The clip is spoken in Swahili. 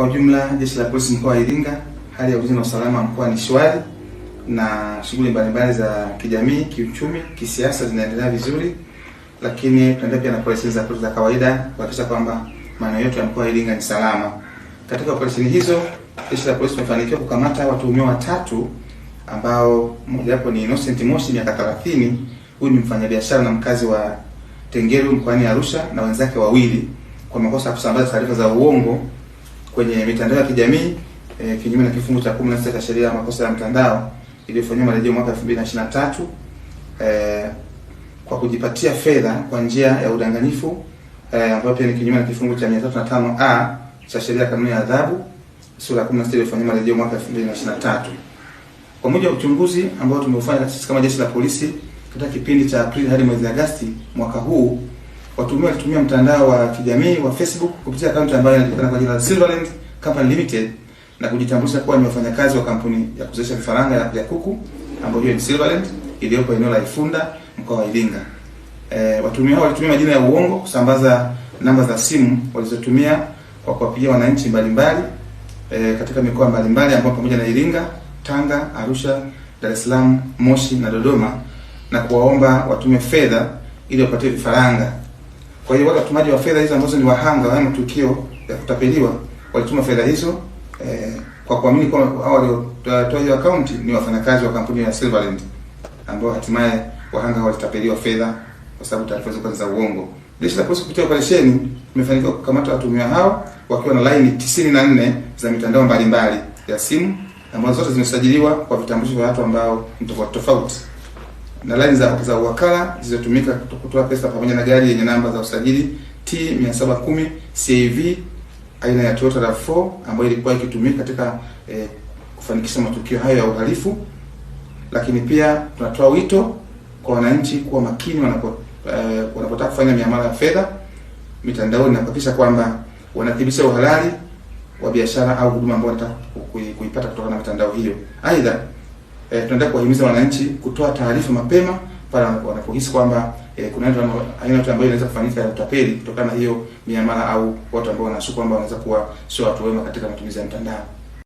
Kwa ujumla, Jeshi la Polisi mkoa wa Iringa, hali ya ulinzi na usalama mkoa ni shwari na shughuli mbalimbali za kijamii, kiuchumi, kisiasa zinaendelea vizuri, lakini tunaendelea pia na operesheni za za kawaida kuhakikisha kwamba maeneo yetu ya mkoa wa Iringa ni salama. Katika operesheni hizo, Jeshi la Polisi tumefanikiwa kukamata watuhumiwa watatu ambao mmoja wapo ni Innocent Moshi miaka 30, huyu ni mfanyabiashara na mkazi wa Tengeru mkoani Arusha na wenzake wawili kwa makosa ya kusambaza taarifa za uongo kwenye mitandao ya kijamii e, kinyume na kifungu cha 16 cha sheria ya makosa ya mtandao iliyofanyiwa marejeo mwaka 2023 e, kwa kujipatia fedha kwa njia ya udanganyifu e, ambayo pia ni kinyume na kifungu cha 305A cha sheria kanuni ya adhabu sura ya 16 iliyofanyiwa marejeo mwaka 2023. Kwa mujibu wa uchunguzi ambao tumeufanya sisi kama jeshi la polisi katika kipindi cha Aprili hadi mwezi Agosti mwaka huu watuhumiwa walitumia mtandao wa kijamii wa Facebook kupitia akaunti ambayo inajulikana kwa jina la Silverland Company Limited na kujitambulisha kuwa ni wafanyakazi wa kampuni ya kuzalisha vifaranga ya kuku ambayo hiyo ni Silverland iliyopo eneo la Ifunda mkoa wa Iringa. E, watuhumiwa hao walitumia majina ya uongo kusambaza namba za simu walizotumia kwa kuwapigia wananchi mbalimbali e, katika mikoa mbalimbali ambayo pamoja na Iringa, Tanga, Arusha, Dar es Salaam, Moshi na Dodoma na kuwaomba watume fedha ili wapatiwe vifaranga kwa hiyo wale watumaji wa fedha hizo ambazo ni wahanga wa matukio ya kutapeliwa walituma fedha hizo eh, kwa kuamini kwa hao waliotoa hiyo account ni wafanyakazi wa kampuni ya Silverland ambao hatimaye wahanga walitapeliwa fedha kwa sababu taarifa zilikuwa za uongo. Jeshi la polisi kupitia operesheni imefanikiwa kukamata watuhumiwa hao wakiwa na line 94 za mitandao mbalimbali ya simu ambazo zote zimesajiliwa kwa vitambulisho vya watu ambao ni tofauti tofauti na laini za, za wakala zilizotumika kutoa pesa pamoja na gari yenye namba za usajili T 710 CAV aina ya Toyota RAV4 ambayo ilikuwa ikitumika katika eh, kufanikisha matukio hayo ya uhalifu. Lakini pia tunatoa wito kwa wananchi kuwa makini wanapo eh, wanapotaka kufanya miamala ya fedha mitandaoni na kuhakikisha kwamba wanathibitisha uhalali wa biashara au huduma ambayo wanataka kuipata kutokana na mitandao hiyo. Aidha, eh, tunaendelea kuwahimiza wananchi kutoa taarifa mapema pale wanapohisi kwamba eh, kuna aina yote ambayo inaweza kufanyika ya utapeli kutokana na hiyo miamala au watu ambao wanasuku kwamba wanaweza kuwa sio watu wema katika matumizi ya mtandao.